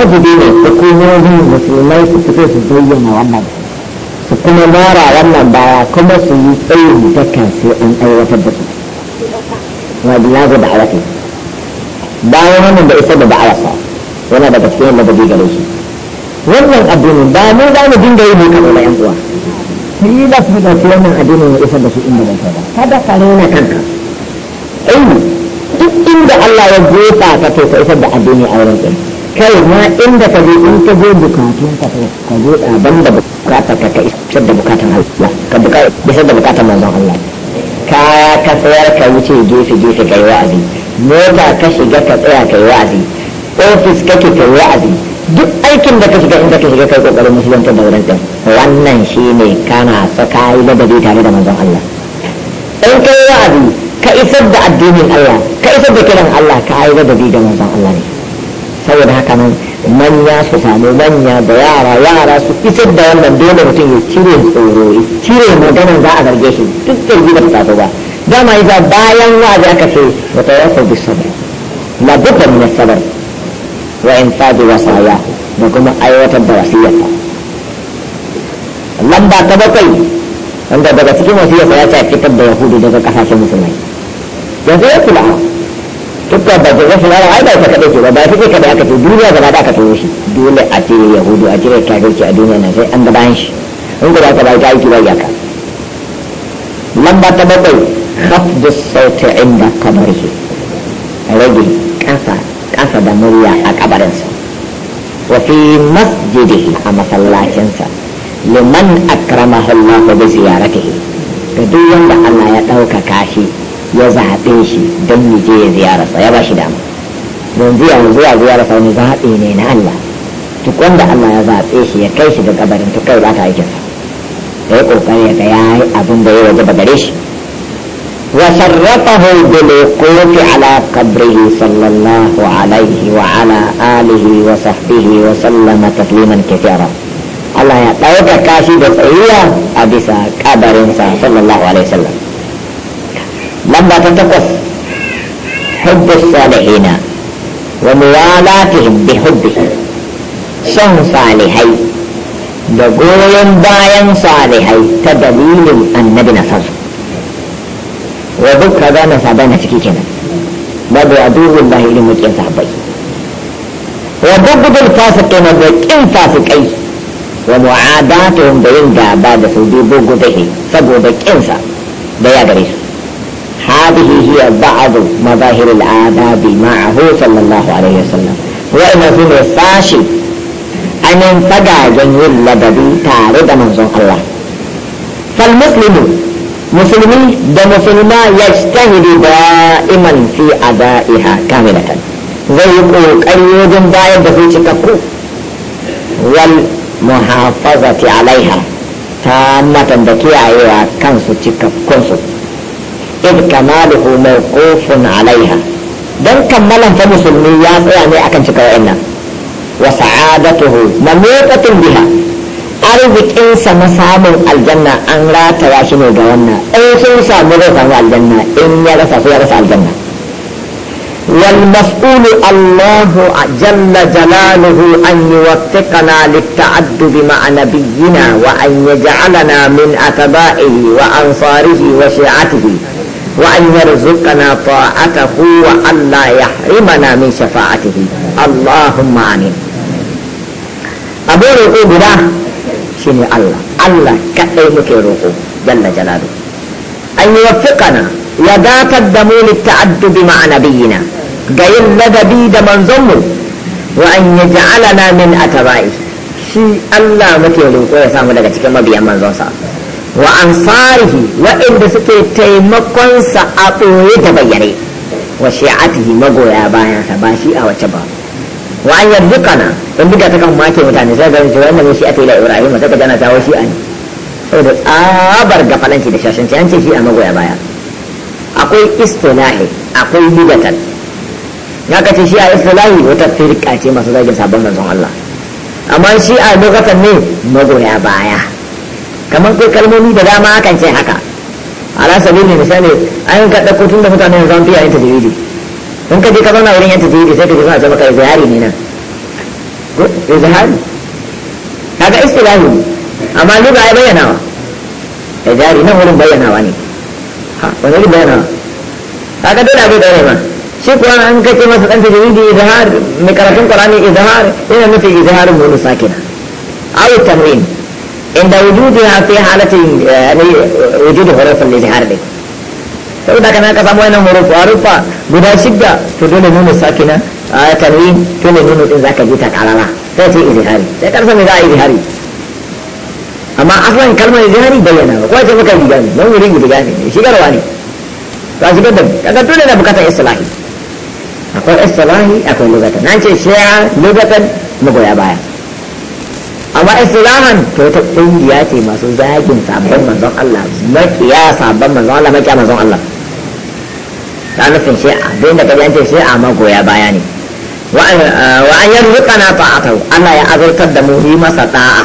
wajibi ne hukumomin musulmai su fito su bayyana wannan su kuma mara wannan baya kuma su yi tsayin dakan sai an aiwatar da su wajilazu da awati bayan wannan da isa da da'awarsa yana daga cikin yadda da shi wannan addinin ba mu za mu dinga yi muka na yan uwa sai za su wannan ya da su inda ban kai ba kada ka nuna kanka duk inda Allah ya jefa ka to kai ma inda ka je in ka je bukatun ka ka zo daban da bukatar ka ka isar da bukatan Allah ka isar da bukatan manzon Allah ka ka tsayar ka wuce gefe gefe kai wa'azi mota ka shiga ka tsaya kai wa'azi ofis kake kai wa'azi duk aikin da ka shiga inda ka shiga kai kokarin musulunta da wurin wannan shine kana saka yi ladabi tare da manzon Allah in kai wa'azi ka isar da addinin Allah ka isar da kiran Allah ka yi ladabi da manzon Allah ne saboda haka nan manya su samu manya da yara yara su fitar da wannan dole mutum ya cire tsoro ya cire maganin za a zarge shi duk zargi da fita ba dama iza bayan wazi aka ce wata ya sabi sabar na buka min sabar wa in fadi wasaya da kuma aiwatar da wasiyarta lamba ta bakwai wanda daga cikin wasiyarsa ya ce fitar da yahudu daga kasashen musulmai yanzu ya kula tukka ba ta zafi yara ai ba ta kaɗai ce ba ba take kaɗai aka ce duniya gaba da aka tsoro shi dole a ce yahudu a cire kafirci a duniya na sai an ga bayan shi in gaba ta ba ta aiki ba iyaka lamba ta bakwai hafdu sauti inda kabarihi rage kasa kasa da murya a kabarinsa wa fi masjidihi a masallacinsa liman akramahu Allah bi ziyaratihi ga duk wanda Allah ya ɗauka kashi. ya zaɓe shi don mu je ya ziyararsa ya ba shi dama don zuwa zuwa ziyararsa wani zaɓe ne na Allah duk wanda Allah ya zaɓe shi ya kai shi ga kabarin ta kai ba aikinsa ya yi ƙoƙari ya ya yi abin da ya waje ba gare shi wa sarrafahu bil ala kabrihi sallallahu alaihi wa ala alihi wa sahbihi wa sallama tasliman kathira Allah ya ɗaukaka kashi da tsayuwa a bisa kabarinsa sallallahu alaihi wasallam lamba ta takwas hujjar salihina wa muwalatihim bi hubbi son salihai da goyon bayan salihai ta dalilin annabi na sarsu wa duk ka gane sabai na ciki kenan babu a dubin ba irin mukin sahabbai wa dubbil fasiqina da kin fasikai wa mu'adatuhum da yin gaba da su dubu gudahi saboda kinsa da ya gare su هذه هي بعض مظاهر الآداب معه صلى الله عليه وسلم وإن في الساشي أن ينفقى جنيل لدبي تارد منظوم الله فالمسلم مسلمي دمسلما يجتهد دائما في أدائها كاملة زي يقول قريب بايد في تككو والمحافظة عليها تامة بكي عيوها كنسو تككو إذ كماله موقوف عليها دن كملا فمس المياس يعني أكن شكوئنا وسعادته مموتة بها أرضك إنسى مسام الجنة أن لا تواشنوا جوانا إنسى مسام الجنة إن يرسى رسى الجنة والمسؤول الله جل جلاله أن يوفقنا للتعدد مع نبينا وأن يجعلنا من أتباعه وأنصاره وشيعته وأن يرزقنا طاعته وأن لا يحرمنا من شفاعته اللهم آمين أبو رقو بدا شنو الله الله كأي مكي رقو جل جلاله أن يوفقنا يداك الدم للتأدب مع نبينا قيل لدبي دمن زمه وأن يجعلنا من أتبائه شي الله مكي رقو يسامو لك تكما بيا من زمه wa ansarihi waɗanda suke taimakonsa a ɓoye da bayyane wa shi'atihi magoya bayan sa ba shi a wace ba wa an kana in duka ta kan mace mutane sai ganin cewa wannan shi a yi da ibrahim sai ka gana ta shi an saboda tsabar falanci da shashanci an ce shi a magoya baya akwai istilahi akwai bidatan ya ka ce shi a istilahi wata firka ce masu zagin sabon manzon Allah amma shi a lokacin ne magoya baya kamar sai kalmomi da dama kan ce haka ala ne misali an ka dauko tun da mutane zama an fiya yin tajwidi in ka je ka zauna wurin yin tajwidi sai ka ji suna ce maka zahari ne nan ko zahari. kaga istilahi amma ba ya bayyana wa ya zahari nan wurin bayyana wa ne ha wani wurin wa kaga dole abu ɗaya ne ma shi kuwa an ka ce masa ɗan ya zahari mai karatun ya zahari yana nufin ya zahari mu wani sakina awu tamrin عند وجودها في حالة يعني وجود حروف الإجهار دي saboda kana ka samu wannan hurufu harufa guda shidda to dole nuna sakina a tanwin dole nuna za zaka ji ta karara sai sai izhari sai karsa me za a izhari amma asalin kalmar izhari bayyana ba kowace baka riga ne don wurin riga ne shigarwa ne ba su da kaga dole na bukatar akwai akwai nan ce shi'a lugatan magoya baya amma islahan to ta kungiya ce masu zagin sabon manzon Allah makiya sabon manzon Allah makiya manzon Allah ta nufin shi abin da kaji an ce shi a magoya baya ne wa an eh, yarzuka na ta'atau Allah ya azurtar da mu yi masa da'a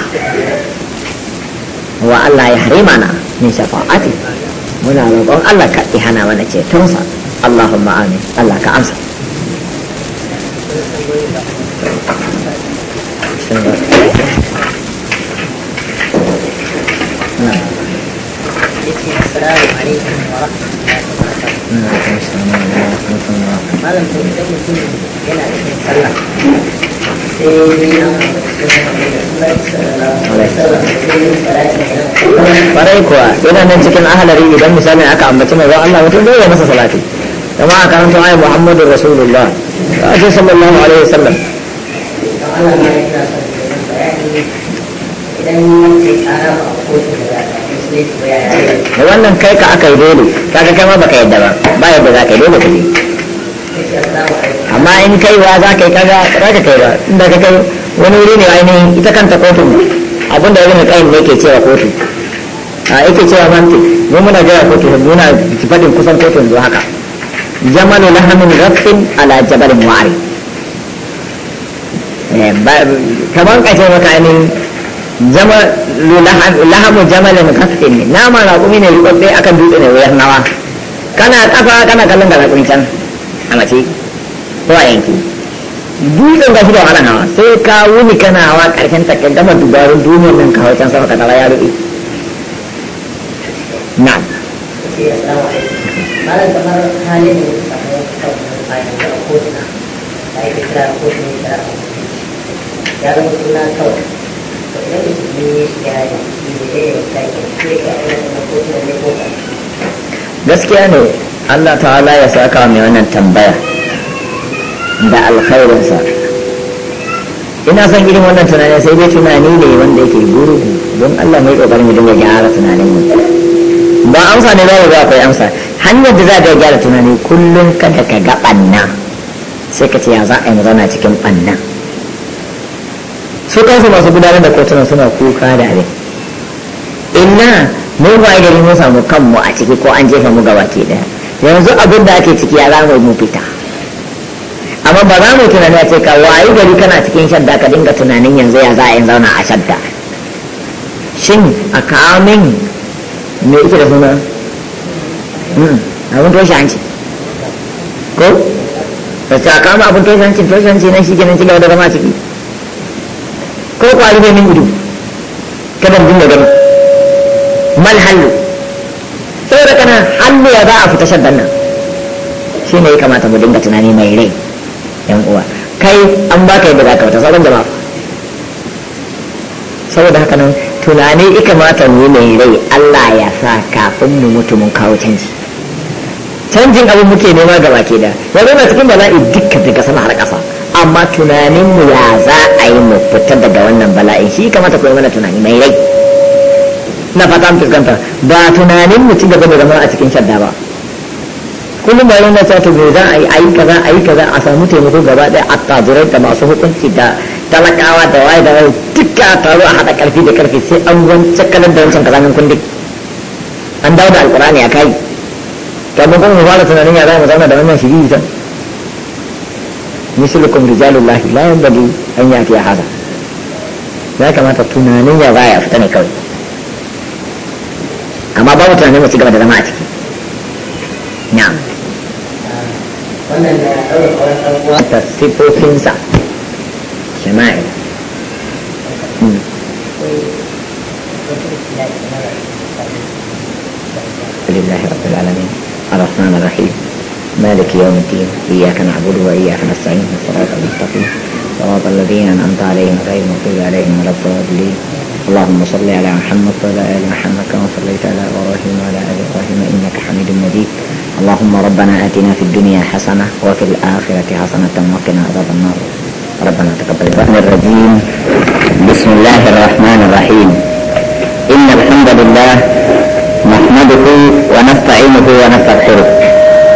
wa Allah ya harimana min shafa'ati muna roƙon Allah ka ihana mana cetonsa Allahumma amin Allah ka amsa السلام عليكم yana cikin kuwa yana nan cikin ahalari idan misali aka ambaci mai Allah mutum zai yi masa salati. Kama a karanta ayi Muhammadu Rasulullah. Ba ce sallallahu alaihi wasallam. Allah ya kira idan ya ce ko da wannan kai ka aka yi dole kaga kai ma baka yadda ba ba yadda za ka yi dole ka je amma in kai wa za ka yi kaga za ka kai ba inda ka kai wani wuri ne ainihin ita kanta kotun abinda wani kayan ne ke cewa kotu a yake cewa manti mu muna gaya kotu muna faɗin kusan kotun zuwa haka jamalu lahamin rafin ala jabalin wa'ari eh, kamar kashe maka ainihin jamal lahamu jamalin kasfin ne nama raƙumi ne rubabbe akan dutse ne wuyar nawa kana kafa kana kallon ga raƙumi can a mace ko a yanki dutsen ga da wahala hawa sai ka wuni kana hawa ƙarshen ta gama dubarun duniyar nan ka hau can sama ka tara ya rufe na halin da ya bayan ake ya zama suna kawai gaskiya ne Allah ta'ala ya saka mai wannan tambaya da alkhairinsa ina son irin wannan tunanin sai dai tunani ne wanda yake guru don Allah mai kokarin dinga gyara tunanin mu ba amsa ne za ga akwai amsa hanyar da za ka gyara tunani kullum kada ka ga banna sai ka ce ya za a yi magana cikin banna su kansu masu gudanar da kotuna suna kuka da ne inna mu ba gari mu samu kanmu a ciki ko an jefa mu ke daya yanzu abin da ake ciki ya zama mu fita amma ba za mu tunani a ce ka wayi gari kana cikin shadda ka dinga tunanin yanzu ya za a yin zauna a shadda shin a kamin me ita da suna hmm, abin toshe hanci ko da ta kama abin toshe hanci toshe hanci na shi ganin cigaba da zama ciki ko kwari ne min ido kada mun dinga gani mal hallu saboda kana hallu ya za a fita shaddan nan shi ne ya kamata mu dinga tunani mai rai yan uwa kai an baka yadda za ka fita sauran jama'a saboda haka nan tunani ya kamata mu mai rai Allah ya sa kafin mu mutu mun kawo canji canjin abin muke nema gaba ke da yanzu na cikin bala'i dukkan daga sama har ƙasa amma tunanin mu ya za a yi mu fitar daga wannan bala'in shi kamata ku yi mana tunani mai rai na fata mu fuskanta ba tunanin mu ci gaba da zama a cikin shadda ba kullum ba yana cewa to me za a yi ayi kaza ayi kaza a samu taimako gaba ɗaya a tazurai da masu hukunci da talakawa da waye da waye duka taro a haɗa ƙarfi da ƙarfi sai an wance kalan da wancan kazanin kundi an dawo da alƙur'ani a kai kamar kuma mu fara tunanin ya za mu zauna da wannan shiri zan مثلكم رجال الله لا ينبغي أن يأتي هذا يا كما تتنانين يا غاية فتني كوي أما بابو تنانين ما تجمع دماتك نعم ترتيب الخمسة شمائل لله رب العالمين الرحمن الرحيم مالك يوم الدين إياك نعبد وإياك نستعين الصراط المستقيم صراط الذين أنعمت عليهم غير المغضوب عليهم ولا الضالين اللهم صل على محمد وعلى آل محمد كما صليت على إبراهيم وعلى آل إبراهيم إنك حميد مجيد اللهم ربنا آتنا في الدنيا حسنة وفي الآخرة حسنة وقنا عذاب النار ربنا تقبل الرحمن الرجيم بسم الله الرحمن الرحيم إن الحمد لله نحمده ونستعينه ونستغفره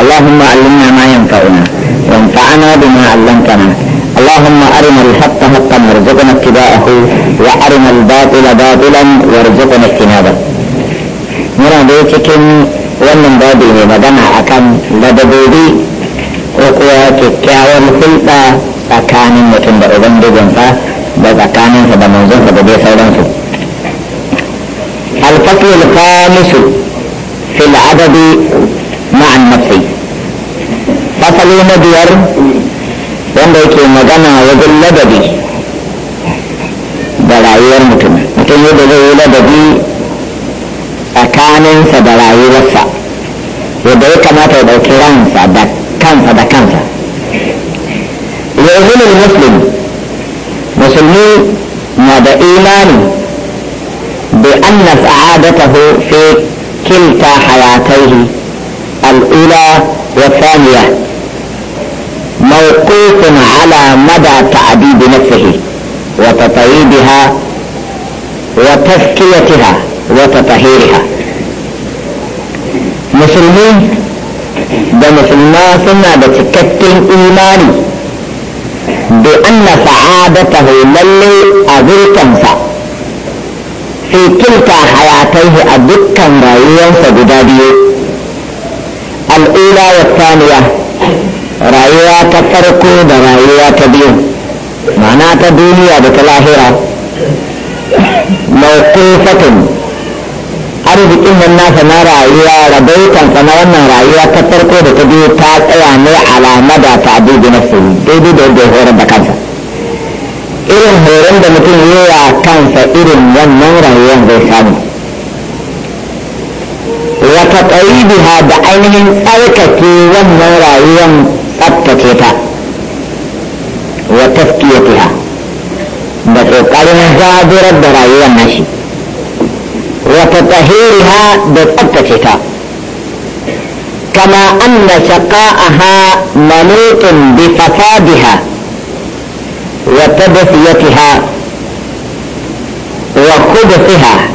اللهم علمنا ما ينفعنا وانفعنا بما علمتنا اللهم أرنا الحق حقا وارزقنا اتباعه وأرنا الباطل باطلا وارزقنا اجتنابه من بيتك ومن بابه ودمع أكم لبدودي وقوة كاوى الخلطة أكان متن بأذن بجنفة بذ أكان فبموزن فبدي فوضن الفصل الخامس في العدد مع المسيح فصلوا مدير وندوتو مغانا وذل لبدي دلائير متن متن يدو لبدي أكانن سدلائير سا يدو كما تدو كران سا دا كان سا دا كان سا يقول المسلم مسلمي ما دا إيمان بأن سعادته في كلتا حياتيه الأولى والثانية موقوف على مدى تعذيب نفسه وتطيبها وتزكيتها وتطهيرها مسلمين ده مسلمان سنة بسكت الإيمان بأن سعادته للي أذلتهم سعادته في كلتا حياتيه أدكا رأيان سجدادي al'ula wa saniya rayuwa ta farko da rayuwa ta biyu ma'ana ta duniya da ta lahira mawqufatun arzikin nan nasa na rayuwa rabaitansa na wannan rayuwa ta farko da ta biyu ta tsaya ne alamada ta abubu na su daidai da yadda horar da kansa irin horon da mutum yi wa kansa irin wannan rayuwar zai samu وتطيبها بعين أركتي والنورا يوم أبتكتا وتفكيتها بتقالنا زادر الدرايا ماشي وتطهيرها بأبتكتا كما أن سقاءها مليط بفسادها وتدفيتها وخبثها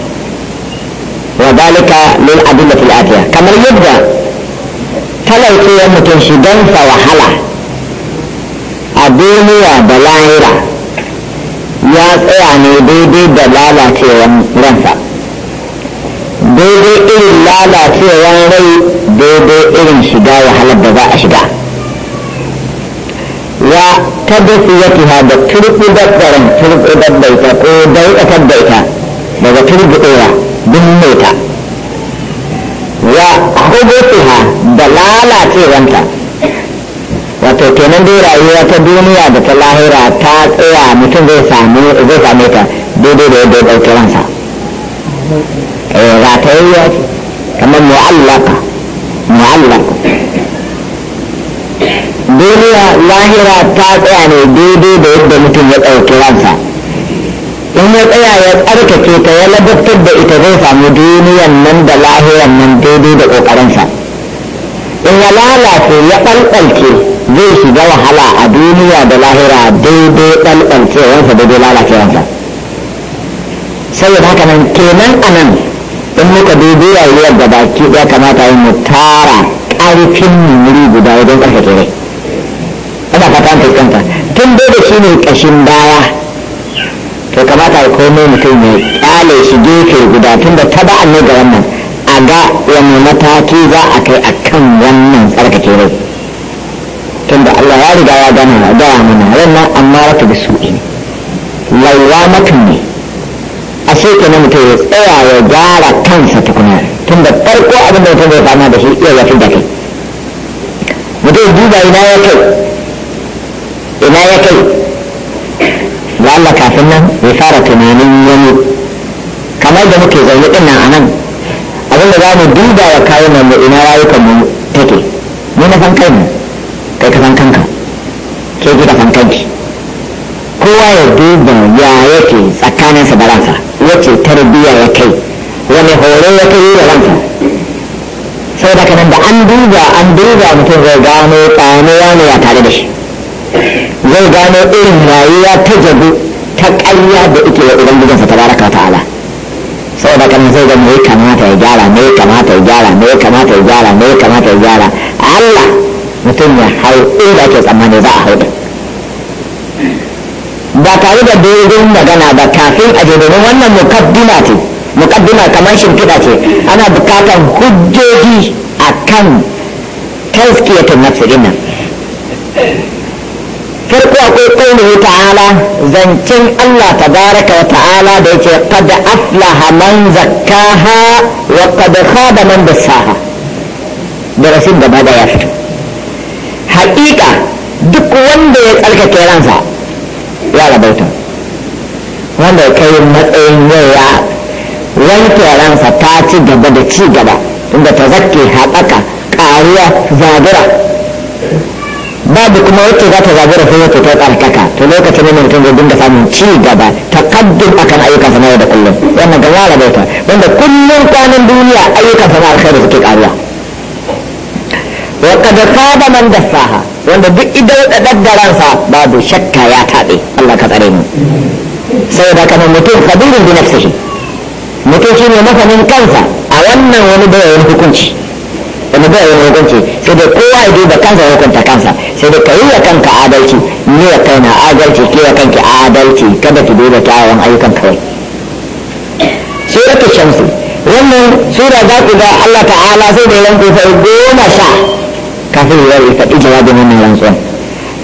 ذلك للأدلة الآتية كما يبدأ تلو في يوم تنشدن فوحلا أدوني بلايرا يا يعني بيدي دلالة في يوم رنفا بيدي إلي اللالة في يوم ري بيدي إلي شدا وحلا بذا أشدا يا تدفيتها بكرق بكرم كرق بكرم كرق بكرم كرق بكرم بكرم بكرم بكرم بكرم بكرم wa hubusiha da lalacewanta wato kenan dai rayuwa ta duniya da ta lahira ta tsaya mutum zai same ta daidai da yadda ya ɗauki ransa eh, ratayayya ce kamar mu'allaka mu'allaka duniya lahira ta tsaya ne daidai da yadda mutum ya ɗauki ransa in ya tsaya ya tsarkake ta ya ladattar da ita zai samu duniyan nan da lahiran nan daidai da kokarinsa in ya lalace ya ɓalɓalce zai shiga wahala a duniya da lahira daidai ɓalɓalcewansa daidai lalacewansa saboda haka nan kenan a nan in muka dubi rayuwar da baki ya kamata mu tara ƙarfin muri guda wajen ƙarfafa rai ana fata fuskanta tun dai da shi ne ƙashin baya to kamata ya komai mutum ya kyale shi gefe guda tun da taba ne ga wannan a ga wani mataki za a kai a kan wannan tsarkake rai tun da Allah ya riga ya gana na gaya mana wannan amma rata da su'i laiwa mutum ne a sai kenan mutum ya tsaya ya gyara kansa tukuna tun da farko abin da mutum zai fama da shi iya yafi da kai mutum duba ina ya kai ina ya kai Allah kafin nan ya fara tunanin wani kamar da muke zaune din nan a nan abin da za mu duba wa kayan nan da ina rayukan mu take ni na fan kanmu kai ka fan kanka ke ji da fan kanki kowa ya duba ya yake tsakaninsa da ransa wace tarbiya ya kai wani horo ya kai da ransa sai da kanan da an duba an duba mutum zai gano tsanuwa ne ya tare da shi zai gano irin rayuwa ta jabu ta ƙarya da ike wa ta tabaraka ta'ala saboda kan zai ga ya kamata ya gyara me kamata ya gyara me kamata ya gyara me kamata ya gyara Allah mutum ya hau inda ake tsammani za a hau da ba tare da dogon magana ba kafin a je domin wannan mukaddima ce mukaddima kamar shimfiɗa ce ana bukatar hujjoji akan tazkiyatun nafsi dinnan farko akwai kaunuhu ta'ala zancen Allah ta baraka wa ta'ala da yake qad aflaha man zakkaha wa qad khaba man dassaha darasin gaba da ya fito haƙiƙa duk wanda ya tsarkake ransa ya rabauta wanda ya kai matsayin yau ya wanke ransa ta ci gaba da ci gaba inda ta zakke haɗaka ƙariya zagira babu kuma wacce za ta zabi da kuma fitar tsarkaka to lokacin ne mutum zai dinga samun ci gaba a akan ayyukan sana da kullum wannan ga yara bauta wanda kullum kwanan duniya ayyukan sana alkhairi suke karuwa wa qad saba man dassaha wanda duk idan da daddaransa babu shakka ya taɓe. Allah ka tsare mu saboda kamar mutum khabirin bi nafsihi mutum shine mafanin kansa a wannan wani da hukunci wani ba yin hukunci sai dai kowa ya duba kansa hukunta kansa sai dai ka yi wa kanka adalci ne wa kaina adalci ke wa kanki adalci kada ki duba kyawun ayyukan kawai suratul shamsu wannan sura za ku ga Allah ta'ala sai da yanku sai goma sha kafin ya yi faɗi jawabin wannan rantsuwan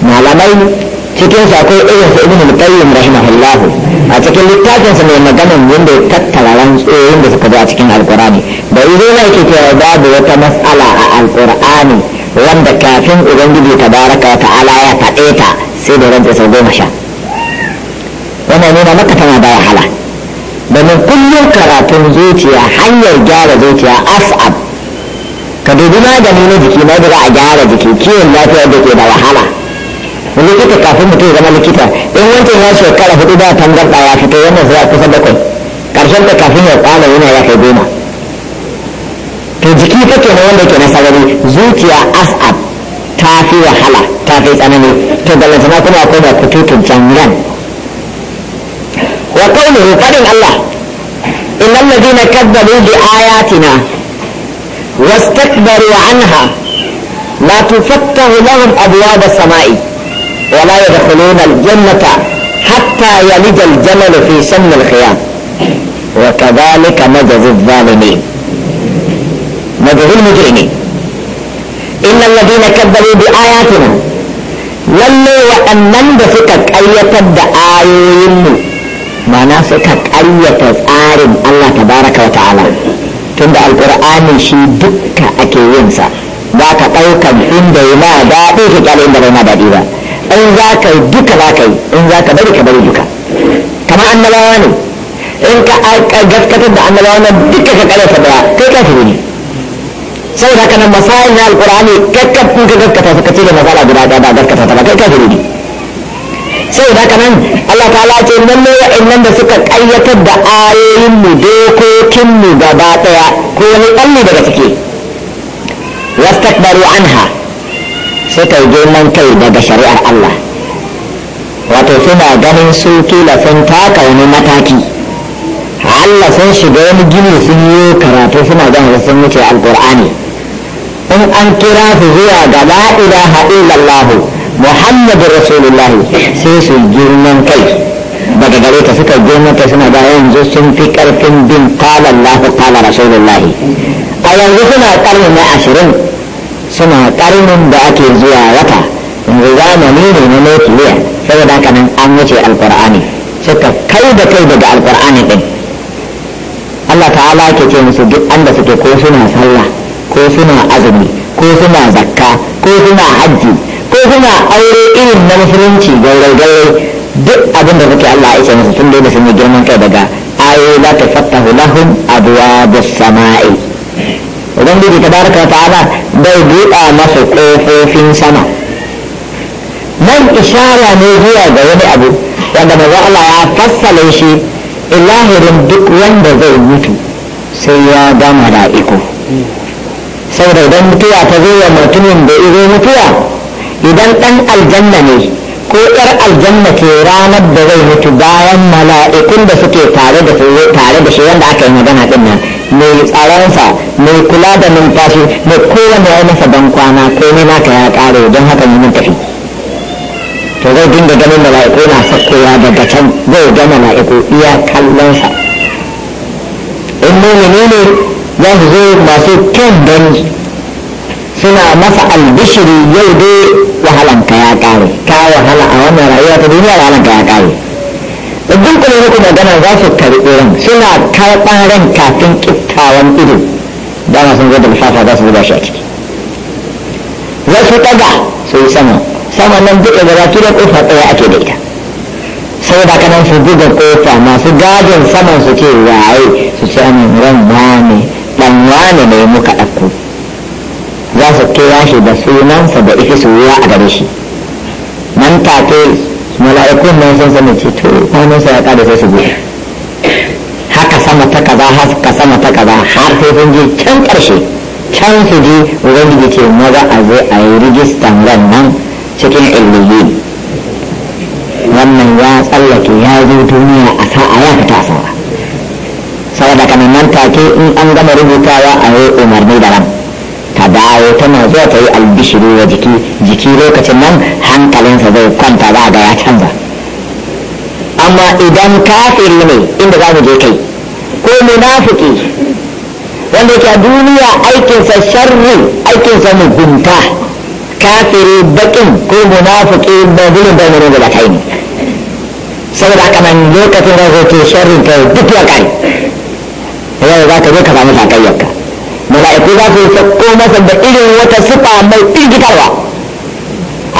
malamai cikin su akwai irin su ibnu qayyim rahimahullahu a cikin littafin sa mai magana wanda ya tattara rantsoyin da suka zo a cikin alqur'ani da ido ne yake cewa babu wata mas'ala a alqur'ani wanda kafin ubangiji tabaraka wa ta'ala ya faɗe ta sai da rantsa sau goma sha wannan nuna maka tana da wahala domin kullum karatun zuciya hanyar gyara zuciya as'ab ka dubi magani na jiki na da a gyara jiki kiwon lafiya da ke da wahala likita kafin mutum ya zama likita in wancan ya shekara hudu ba a ya fito wannan zuwa kusa bakwai ƙarshen da kafin ya kwana yana ya kai goma to jiki ta ke wanda ke na sarari zuciya as'ab ta fi wahala ta fi tsanani to ballantana kuma akwai da kututun jangan wa kaunuhu faɗin Allah innal ladina kadzabu bi ayatina wastakbaru anha la tufattahu lahum abwaab da samai ولا يدخلون الجنة حتى يلد الجمل في سم الخيام وكذلك نجزي الظالمين نجزي المجرمين إن الذين كذبوا بآياتنا lalle waɗannan da suka ƙayyatar da ayoyinmu mana suka ƙaryata tsarin Allah tabaraka wa ta'ala tunda alƙur'ani shi dukka ake yinsa ba ka ɗaukan inda ya ma daɗi ki ƙyale inda bai ma daɗi ba in za ka yi duka za ka yi in za ka bari ka bari duka kamar annabawa ne in ka gaskatar da annabawa na duka ka kare sa daya kai kafiri ne saboda haka nan masayin na alkur'ani kakka kun ka gaskata ka ce da masala guda ɗaya ba gaskata ta ba kai kafiri ne saboda haka nan Allah ta'ala ce nan ne wa'annan da suka ƙayyatar da ayoyin dokokinmu gaba ɗaya ko wani ɗan daga ciki wastakbaru ha. sai girman kai daga shari'ar Allah wato suna ganin su kila sun taka wani mataki Allah sun shiga wani gini sun yi karatu suna ganin sun wuce alkur'ani in an kira su zuwa ga la ilaha muhammadu rasulullah sai su girman kai daga gare ta suka girman kai suna da yanzu sun fi karfin bin qala allah qala a yanzu suna karni na ashirin suna karnin da ake zuwa wata yanzu zamani ne na nukiliya saboda haka nan an wuce alkur'ani suka kai da kai daga alkur'ani din Allah ta'ala ke ce musu duk anda suke ko suna sallah ko suna azumi ko suna zakka ko suna hajji ko suna aure irin na musulunci gaurai gaurai duk abin da suke Allah ya ce musu tun da sun yi girman kai daga ayoyi la tafattahu lahum da sama'i ubangiji ta baraka ta'ala bai buɗa masa ƙofofin sama nan ishara ne zuwa ga wani abu wanda maza Allah ya fassale shi ilahirin duk wanda zai mutu sai ya ga mala'iku saboda idan mutuwa ta zo wa mutumin da izo mutuwa idan ɗan aljanna ne ko yar aljanna ke ranar da zai mutu bayan mala'ikun da suke tare da tare da shi wanda aka yi magana din nan mai tsaronsa mai kula da numfashi mai kowane ya masa ban kwana ko ne naka ya kare don haka ne mun tafi to zai dinga ganin mala'iku na sakkowa daga can zai ga mala'iku iya kallonsa in mumini ne za su zo masu kyan suna masa albishiri yau dai wahalan ya kare ka wahala a wannan rayuwa ta duniya wahalan ya kare idan kuma magana za su karɓi ran suna karɓan ran kafin kittawan ido da masu zo da lissafa za su zuba shi a ciki za su ɗaga su yi sama sama nan duka gaba baki ƙofa ɗaya ake da ita sau da kanan su buga ƙofa masu gadin saman su ce su ce amin ran wani ɗan wani ne muka ɗauko za su kira shi da sunansa da ike soyayya a gare shi nan take mala'ikun nan sun sani ce to kwanan sa ya kada sai su je haka sama ta kaza haka sama ta kaza har sai sun je can karshe can su je ubangiji ce maza a zai a yi rijistan ran cikin illiyin wannan ya tsallake ya zo duniya a sa'a ya fita a sa'a saboda kanan nan take in an gama rubutawa a yi umarni da ran ta dawo tana zuwa ta yi albishiru wa jiki jiki lokacin nan hankalinsa zai kwanta za ga ya canza amma idan kafiri ne inda za mu je kai ko munafiki wanda yake duniya aikinsa sharri aikinsa mugunta kafiri bakin ko munafiki ba zulun bai murin da kai ne saboda haka nan lokacin da zai ke sharrin ta duk ya kai yau za ka zo ka samu sakayyarka mala'iku za su sauko masa da irin wata sifa mai firgitarwa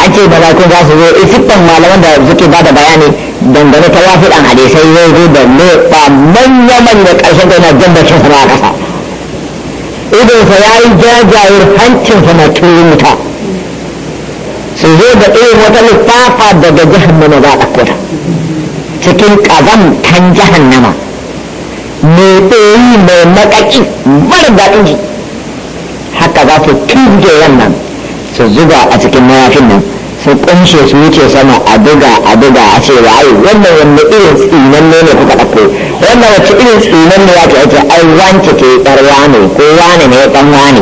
an ce mala'iku za su zo eh, siffan malaman da suke ba da bayani dangane ta wafiɗan hadisai zai zo da ne ba manya manya ƙarshen da yana jan bakin sama a ƙasa sa ya yi jajayen hancinsa na turin wuta su zo da irin wata littafa daga jahannama za a ɗauko ta cikin ƙazantan jahannama mai ɗoyi mai makaƙi mara daɗin jiki haka za su tuge wannan su zuba a cikin mayafin nan su kunshe su wuce sama a buga a buga a ce wa ai wannan wanda irin tsinan ne ne kuka ɗauko wannan wacce irin tsinan ne ake ai wance ke ɗar wane ko wane ne ɗan wane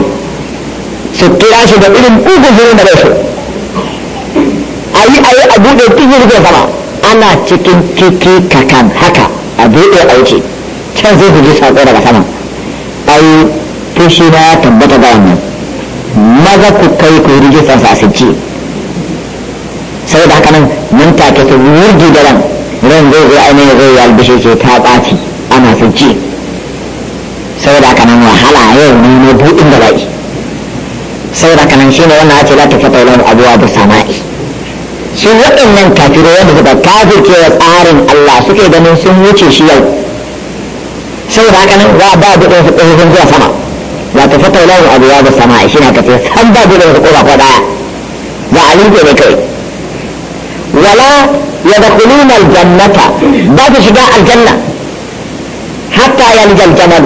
su kira shi da irin da a yi a yi a buɗe tijir zai sama ana cikin titi kakan haka a buɗe a wuce can zai fi ji sako daga sama to shi ba ya tabbata da mu maza ku kai ku rijistar sa asirce saboda haka nan nan take su wurgi da ran ran zai zai ainihin zai yi albishe ce ta ɓaci ana sirce saboda haka nan wahala yau ne na buɗin da ba'i saboda haka nan shi ne wannan ce za ta fata wani abuwa da sama'i shi waɗannan kafirai wanda suka kafirce wa tsarin Allah suke ganin sun wuce shi yau saboda haka nan za ba da ɗansu ɗansu zuwa sama wato fata abu ya da sama shi na kace san ba dole su koma kwada ba alinke ne kai wala yadkhuluna aljannata ba su shiga aljanna hatta yalijal jamal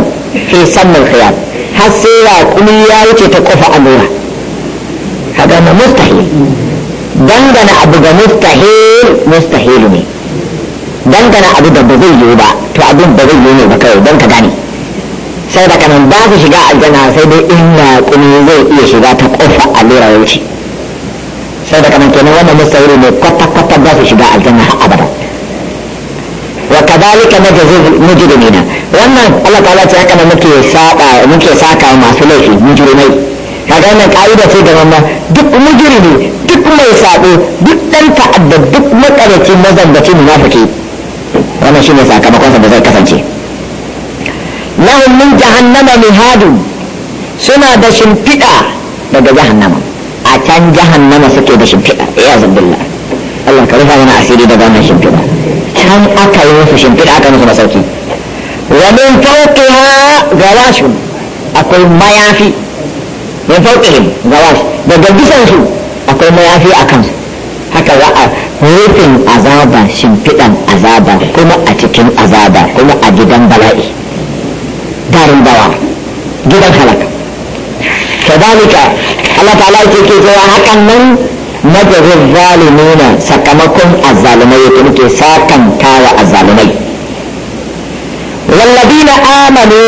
fi sammil khiyam har sai ya kuma ya wuce ta kofa a allura haka na mustahil dangana abu ga mustahil mustahil ne dangana abu da ba zai yiwu ba to abin ba zai yiwu ne ba kai don ka gane sai da kanan su shiga aljanna sai dai in na raƙumi zai iya shiga ta kofa a ya wuce sai da kanan kenan wannan mustahiri ne kwata-kwata ba su shiga aljanna har abada wa kadalika na wannan Allah ta'ala ce haka muke saba muke saka masu laifi mujrimai kaga wannan ka'ida ce da wannan duk mujrimi duk mai sabo duk dan ta'adda duk matsaracin mazambacin munafiki wannan shine sakamakon sa da zai kasance lahum min jahannama mihadun suna da shimfiɗa daga jahannama a can jahannama suke da shimfiɗa ya zubbillah Allah ka rufa mana asiri daga wannan shimfiɗa can aka yi musu shimfiɗa aka musu masauki wa min fawqiha gawashun akwai mayafi min fawqihim gawash daga bisan su akwai mayafi a kan haka za a rufin azaba shimfiɗan azaba kuma a cikin azaba kuma a gidan bala'i darin bawa gidan halaka sadalika Allah ta alaƙi ke zuwa hakan nan madarin zalimi na sakamakon azzalumai, ko muke sakan tawa azalumai walladina amanu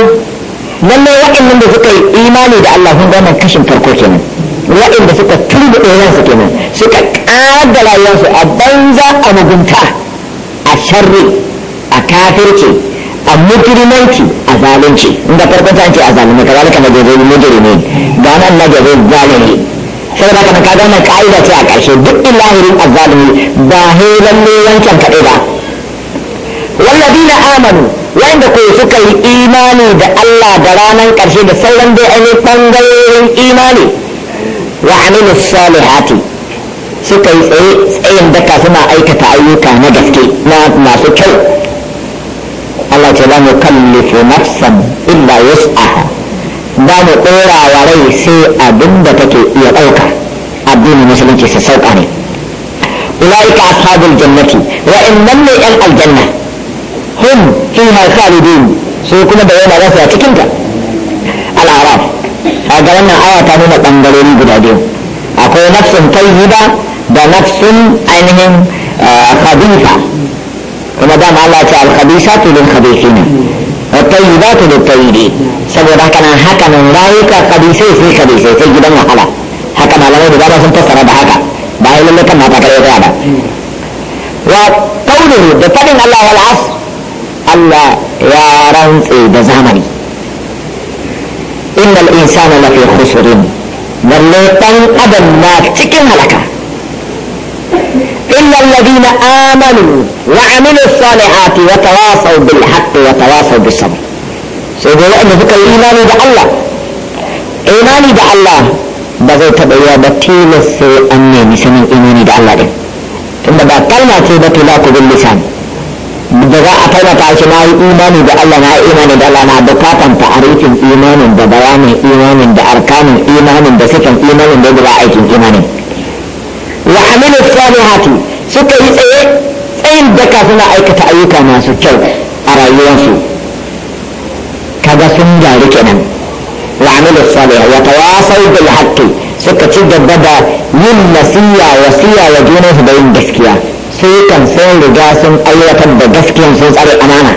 lalle waɗannan da suka yi imani da Allah sun gama kashin farko kenan waɗanda suka turbe ɗoyan su kenan suka ƙada rayuwarsu a banza a mugunta a sharri a kafirce a mujrimanci a zalunci inda farko ta ce a zalunci ka zalika na jazoli mujrimin ga nan na jazoli zalunci saboda haka ka gane ka'ida ce a ƙarshe duk ilahirin azzalumi ba helan ne wancan kaɗai ba na amanu wanda ko suka yi imani da Allah da ranar ƙarshe da sauran dai ainihin ɓangarorin imani wa amilu salihati suka yi tsaye tsayin daka suna aikata ayyuka na gaske na masu kyau Allah ce la nukallifu nafsan illa wus'aha ba mu dora rai sai abin da take iya ɗauka addinin musulunci sai sauka ne ulaika ashabul jannati wa innam li al aljanna hum fiha khalidun su kuma da yana wasu cikin ta al-araf a ga wannan aya ta nuna bangarori guda biyu akwai nafsun tayyiba da nafsun ainihin eh, khabitha kuma dama Allah ce alkhabisatu lil khabisin at-tayyibatu lit tayyibin saboda haka nan haka nan rayuka khabisai sai khabisai sai gidan wahala haka malamai da dama sun fassara da haka ba ya na kan mata kare ba wa qawluhu da fadin Allah wal as Allah ya rantse da zamani innal insana lafi khusrin lalle dan adam na cikin halaka إلا الذين آمنوا وعملوا الصالحات وتواصوا بالحق وتواصوا بالصبر سيدي لأن فكر الإيمان دع الله إيمان دع الله بغي تبعي بطيل السوء أمني مثل الإيمان دع الله دي. ثم بطلنا تيبة لك باللسان بغا أطلنا تعيش ناي إيماني دع الله ناي إيمان دع الله ناي بكاتا تعريف إيمان دبيان إيمان دعركان إيمان دسكن إيمان دبراعي إيماني. دا إيمان, دا إيمان, دا إيمان دا ya'malu salihati suka yi tsaye tsayin daka suna aikata ayyuka masu kyau a rayuwarsu kaga sun gyaru kenan ya'malu salihati wa tawasaw bil haqqi suka ci gaba da yin nasiya wasiya wa su da yin gaskiya sai kan sun riga sun aiwatar da gaskiyan sun tsare amana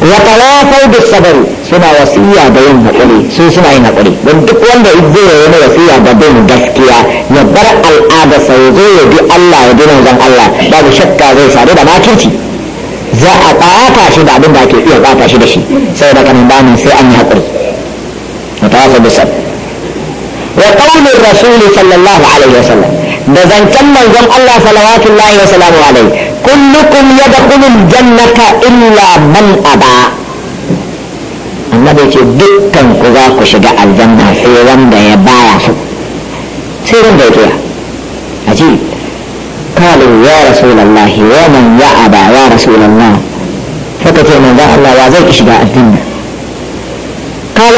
wa talafau da sabari suna wasiya da yin haƙuri su suna yin haƙuri don duk wanda zai ya yi wasiya da bin gaskiya ya bar al'ada sai zo ya bi Allah ya bi manzon Allah babu shakka zai sadu da makirci za a ɓata shi da abin da ake iya ɓata shi da shi sai da kanin bamin sai an yi haƙuri wa talafau da sabari wa ƙaunin rasuli sallallahu alaihi wasallam da zancen manzon Allah salawatullahi wa salamu alaihi كلكم يدخل الجنة إلا من أبى النبي يقول دكتن قضاك شجاء الجنة في وندا يبا يفك سير وندا عجيب قالوا يا رسول الله ومن يا أبا يا رسول الله فكتير من ذا الله وزيك شجاء الجنة قال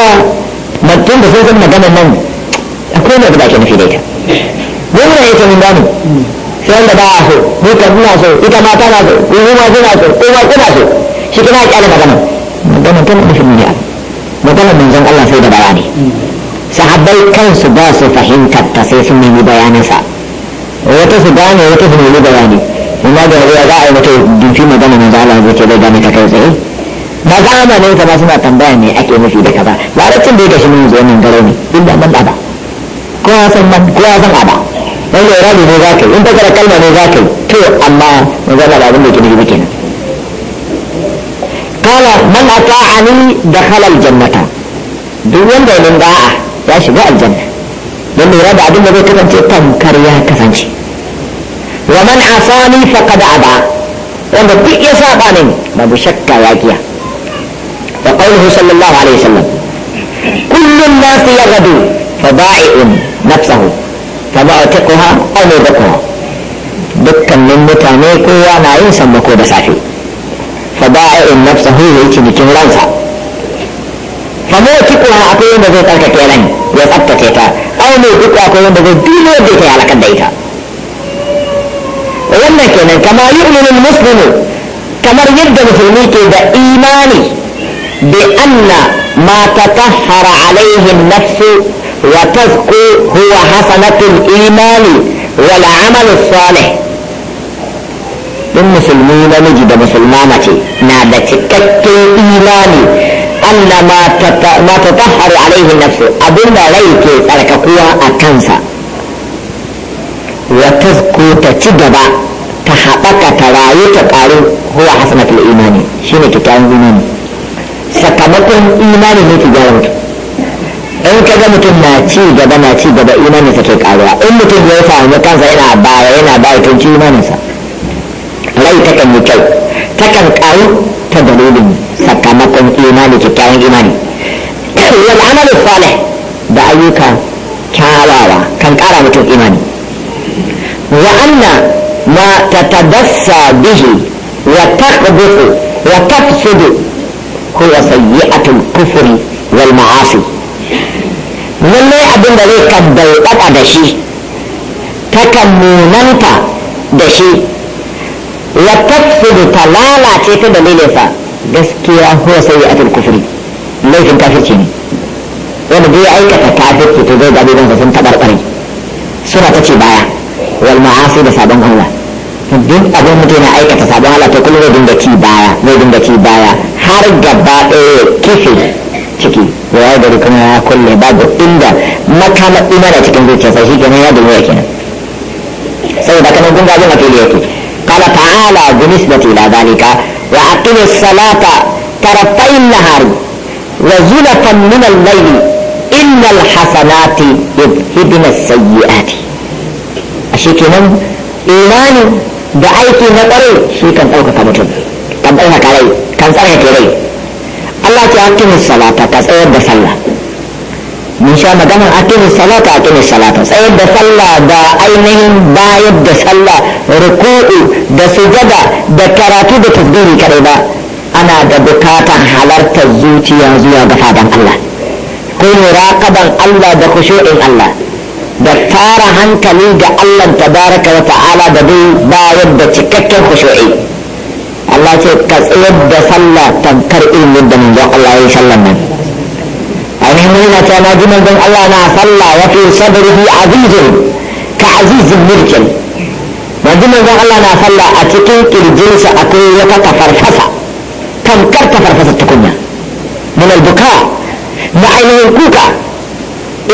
ما تنت فوق المدن من أكون أبداك في ذلك ومن أيتم من ذلك sai da ba so ni ka ina so ita ma tana so ni ma kina so ko ma kina so shi kina kyale magana magana tana nufin ne magana manzon Allah sai da bayani sahabbai kansu ba su fahimtar ta sai sun nemi bayanansa wata su gane wata su nemi bayani amma da ya za a yi mata dufi magana manzon Allah zai ce bai gane ta kai tsaye ba za a zamanin ka ba suna tambaya ne ake nufi da kaza larabcin da ya gashi mun zo nan gare ne inda ban da ba kowa san ban kowa san aba wanda ya ne za ka yi in bakara kalma ne za ka yi to amma manzo Allah abin da yake nufi kenan kala man da halal jannata duk wanda wani ba'a ya shiga aljanna dan lura da abin da zai kasance tamkar ya kasance wa man asani faqad aba wanda duk ya saba ne babu shakka ya kiya wa qawluhu sallallahu alaihi wasallam kullu an-nas yaghdu fada'i'un nafsahu kama a ha a da kuma dukkanin mutane kowa na yin sammako da safe fa ba a in nafsa hu ya cinikin ransa fa a mai taƙuha akwai yadda zai tsarkake ran ya tsabtace ta au mai duk akwai yadda zai duniyar yadda ta halakar da ita wannan kenan kama yu'minu muslimu kamar yadda musulmi ke da imani bi anna ma tahara alaihin nafsu وتزكو هو حسنة الإيمان والعمل الصالح in musulmi namiji da musulma mace na da cikakken imani anna ma ta taharu alaihi nafsu abinda rai ke tsarkakuwa a kansa wa tazku ta ci gaba ta haɓaka ta rayu ta ƙaru huwa hasanatul imani shine kyakkyawan imani sakamakon imani ne ki gyara mutum in ka ga mutum na ci gaba na ci gaba imaninsa ke karuwa in mutum ya samu kansa yana baya yana baya tun ci imaninsa rai takan yi kyau takan karu ta dalilin sakamakon imani kyakkyawan imani wal amalu salih da ayyuka kyawawa kan kara mutum imani wa anna ma tatadassa bihi wa taqbutu wa tafsidu huwa sayyi'atul kufri wal ma'asi lallai abin da zai kaddauɗaɗa da shi takan munanta da shi wa tafsidu ta lalace ta dalilinsa gaskiya huwa sai a kufri laifin kafirci ne wanda dai aikata kafirci to zai gabi don sun tabarbare suna ta ce baya wal ma'asi da sabon Allah duk abin mutum na aikata sabon Allah to kullum zai dinga ci baya zai dinga ci baya har gaba ɗaya kifi ciki ya gari kuma ya kulle babu inda makama imana cikin zuciyarsa shi kenan ya duniya kenan sai kana gun gajin a fili yake Kala ta'ala bi nisbati ila zalika wa aqimis salata tarafai lahari wa zulatan min al-layl inna al-hasanati yudhibna as-sayyi'ati ashe kenan imani da aiki na ƙwarai shi kan ɗaukaka mutum kan ɗaukaka rai kan tsare ke rai Allah ce akimin salata ka tsayar da sallah mun sha maganar akimin salata akimin salata tsayar da sallah da ainihin bayar da sallah ruku'u da sujada da karatu da tasbihi kadai ba ana da bukatan halartar zuciya zuwa ga fadan Allah ko muraqaban Allah da khushu'in Allah da tara hankali ga Allah tabaraka wa ta'ala da bayar da cikakken khushu'i Allah ce ka tsayar da sallah tamkar irin yadda manzon Allah ya yi sallan nan ainihin mun yana na ji manzon Allah na sallah wa fi sadrihi azizun ka azizin mulkin manzon manzon Allah na sallah a cikin kirjinsa akwai wata tafarfasa tamkar tafarfasa tukunya min albuka na ainihin kuka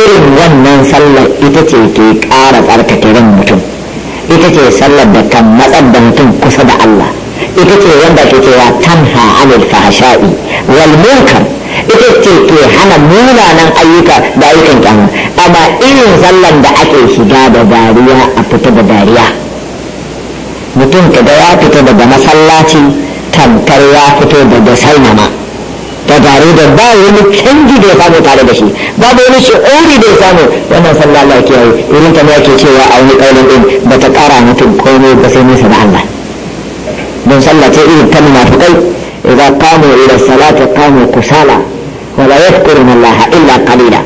irin wannan sallar ita ce ke ƙara tsarkake ran mutum ita ce sallar da kan matsar da mutum kusa da Allah ita ce wanda ke cewa tanha anil fahasha'i wal munkar ita ce ke hana munanan ayyuka da ayyukan kyamu amma irin zallan da ake shiga da dariya a fita da dariya mutum da ya fito daga masallaci tamkar ya fito daga sainama da dare da ba wani canji da ya samu tare da shi babu wani shi'ori da ya samu wannan sallah Allah kiyaye irin ta ne ake cewa a wani kaulin din ta ƙara mutum komai ba sai nisa da Allah mun sallace irin ta munafiƙai idan kamo ila salata kamo kusala wala yaskuru Allah illa qalila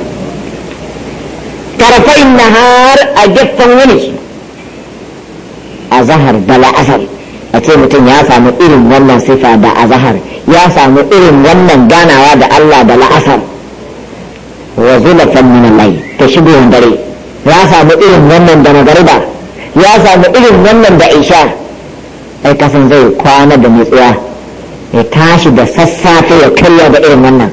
tarfain nahar a gefen wani a zahar bala asar a ce mutum ya samu irin wannan sifa da a zahar ya samu irin wannan ganawa da Allah da la'asar wa zula fannin Allah ta shigo dare ya samu irin wannan da nagariba ya samu irin wannan da isha ai kasan zai kwana da nutsuwa ya tashi da sassafe ya karya da irin wannan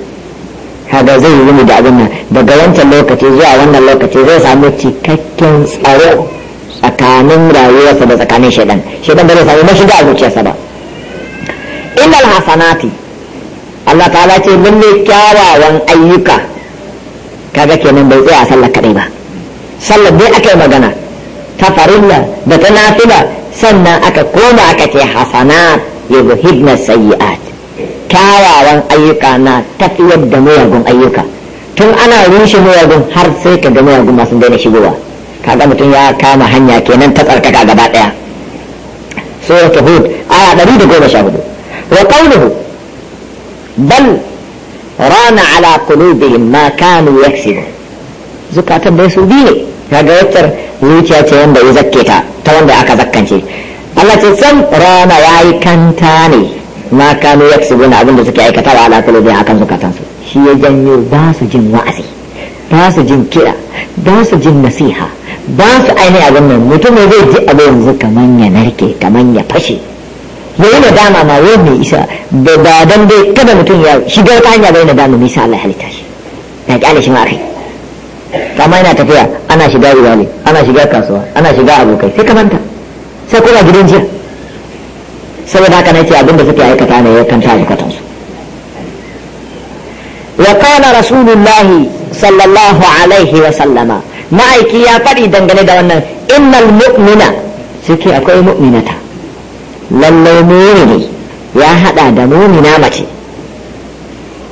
kaga zai yi mu da abin nan daga wancan lokaci zuwa wannan lokaci zai samu cikakken tsaro tsakanin rayuwarsa da tsakanin shaidan shaidan ba zai samu mashiga a zuciyarsa ba innal hasanati Allah ta'ala ce lalle kyawawan ayyuka kaga kenan bai tsaya a sallar kadai ba sallar dai aka yi magana ta farilla da ta nafila sannan aka koma aka ce hasanat yuzhibna sayyi'at kyawawan ayyuka na tafiyar da muyagun ayyuka tun ana rushe muyagun har sai ka ga muyagun masu daina shigowa kaga mutum ya kama hanya kenan ta tsarkaka gaba daya surat hud aya 114 wa qawluhu bal rana ala qulubihim ma kanu yaksibun zukatan dai su biye kaga yakkar zuciya ce wanda ya zakke ta ta wanda aka zakkance Allah ce san rana yayi kanta ne ma kanu yaksubuna abin da suke aikata wa ala kulubi akan zukatan su shi ya janyo ba su jin wa'azi ba su jin kira ba su jin nasiha ba su ainihin abin nan mutum ne zai ji abu yanzu kamar ya narke kamar ya fashe ya yi nadama ma yau mai isa da ba dan dai kada mutum ya shiga ta hanya bai nadama mai sa Allah halitta shi na ƙyale shi ma amma yana tafiya ana shiga iyali ana shiga kasuwa ana shiga abokai sai ka manta sai kuna gidan jiya saboda haka ce abin da suke aikata ne ya kanta katon su wa kana rasulullahi sallallahu alaihi wa sallama ma'aiki ya faɗi dangane da wannan innal mu'mina suke akwai mu'minata lallai mu'mini ya hada da mu'mina mace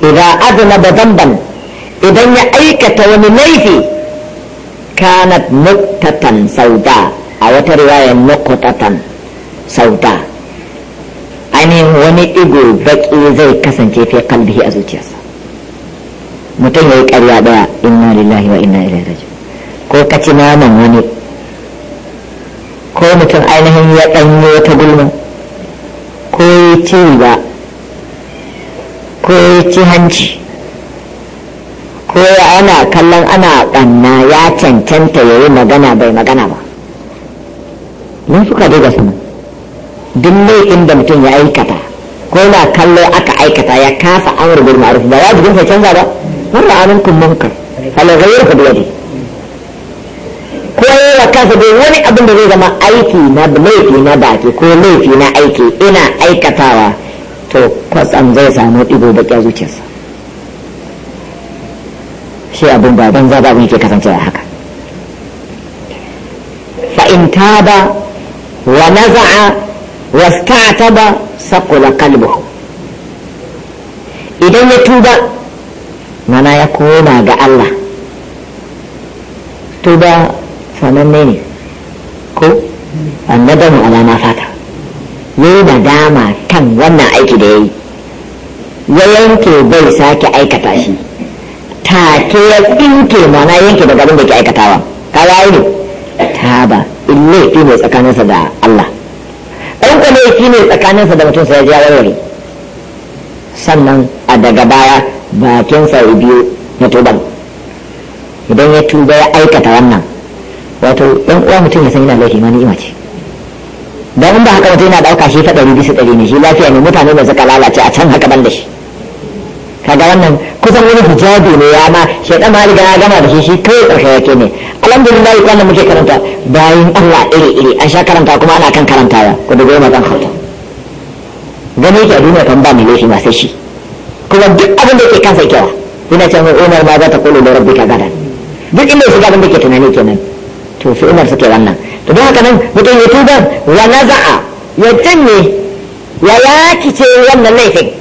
idan azna da zamban idan ya aikata wani laifi kanat nuktatan sauda a wata riwaya nuktatan sauda ainihin wani igo baki zai kasance fi kalbihi a zuciyarsa mutum ya yi karya daya inna lillahi wa inna ilaihi raji'un ko ka ci naman wani ko mutum ainihin ya ɗanyo ta gulma ko ya ci ba ko ya ci hanci ko ana kallon ana ƙanna ya cancanta ya yi magana bai magana ba mun suka da sama duk mai inda mutum ya aikata ko na kallo aka aikata ya kasa amur bil ma'ruf ba ya jikin canza ba mun ra'a kun munkar fala ka biyadi ko ya kasa bai wani abin da zai zama aiki na laifi na baki ko laifi na aiki ina aikatawa to kwatsam zai samu da baƙin zuciyarsa ce abin ba don ba abin ke kasance a haka fa'in taba wa naza'a wa ba sakula kalbuhu idan ya tuba mana ya koma ga Allah tuba sananne ne ko annadamu alama fata ne dama kan wannan aiki da ya yi ya yanke bai sake aikata shi take ya tsinke mana yanke daga abin da ke aikatawa ka yayi ne taba in laifi ne tsakaninsa da Allah ɗan ku shi ne tsakaninsa da mutum sai ya warware sannan a daga baya bakinsa ya biyu na tuban idan ya tuba ya aikata wannan wato ɗan uwa mutum ya san yana laifi ma ni'ima ce dan in ba haka mutum yana ɗauka shi fa ɗari bisa ɗari ne shi lafiya ne mutane da suka lalace a can haka ban da shi kaga wannan kusan wani hijabi ne ya ma shaidan ma riga ya gama da shi shi kai karshe yake ne alhamdulillah wannan muke karanta bayan Allah iri iri an sha karanta kuma ana kan karantawa ku da goma kan hauta gane ki a duniya kan ba mai laifi ma sai shi kuma duk abin da yake kansa kyawa yana ce mai umar ma za ta kulu da rabbika gadan duk inda shiga abin da ke tunani kenan to su umar suke wannan to don haka nan mutum ya tuba wa naza'a ya janye ya yakice wannan laifin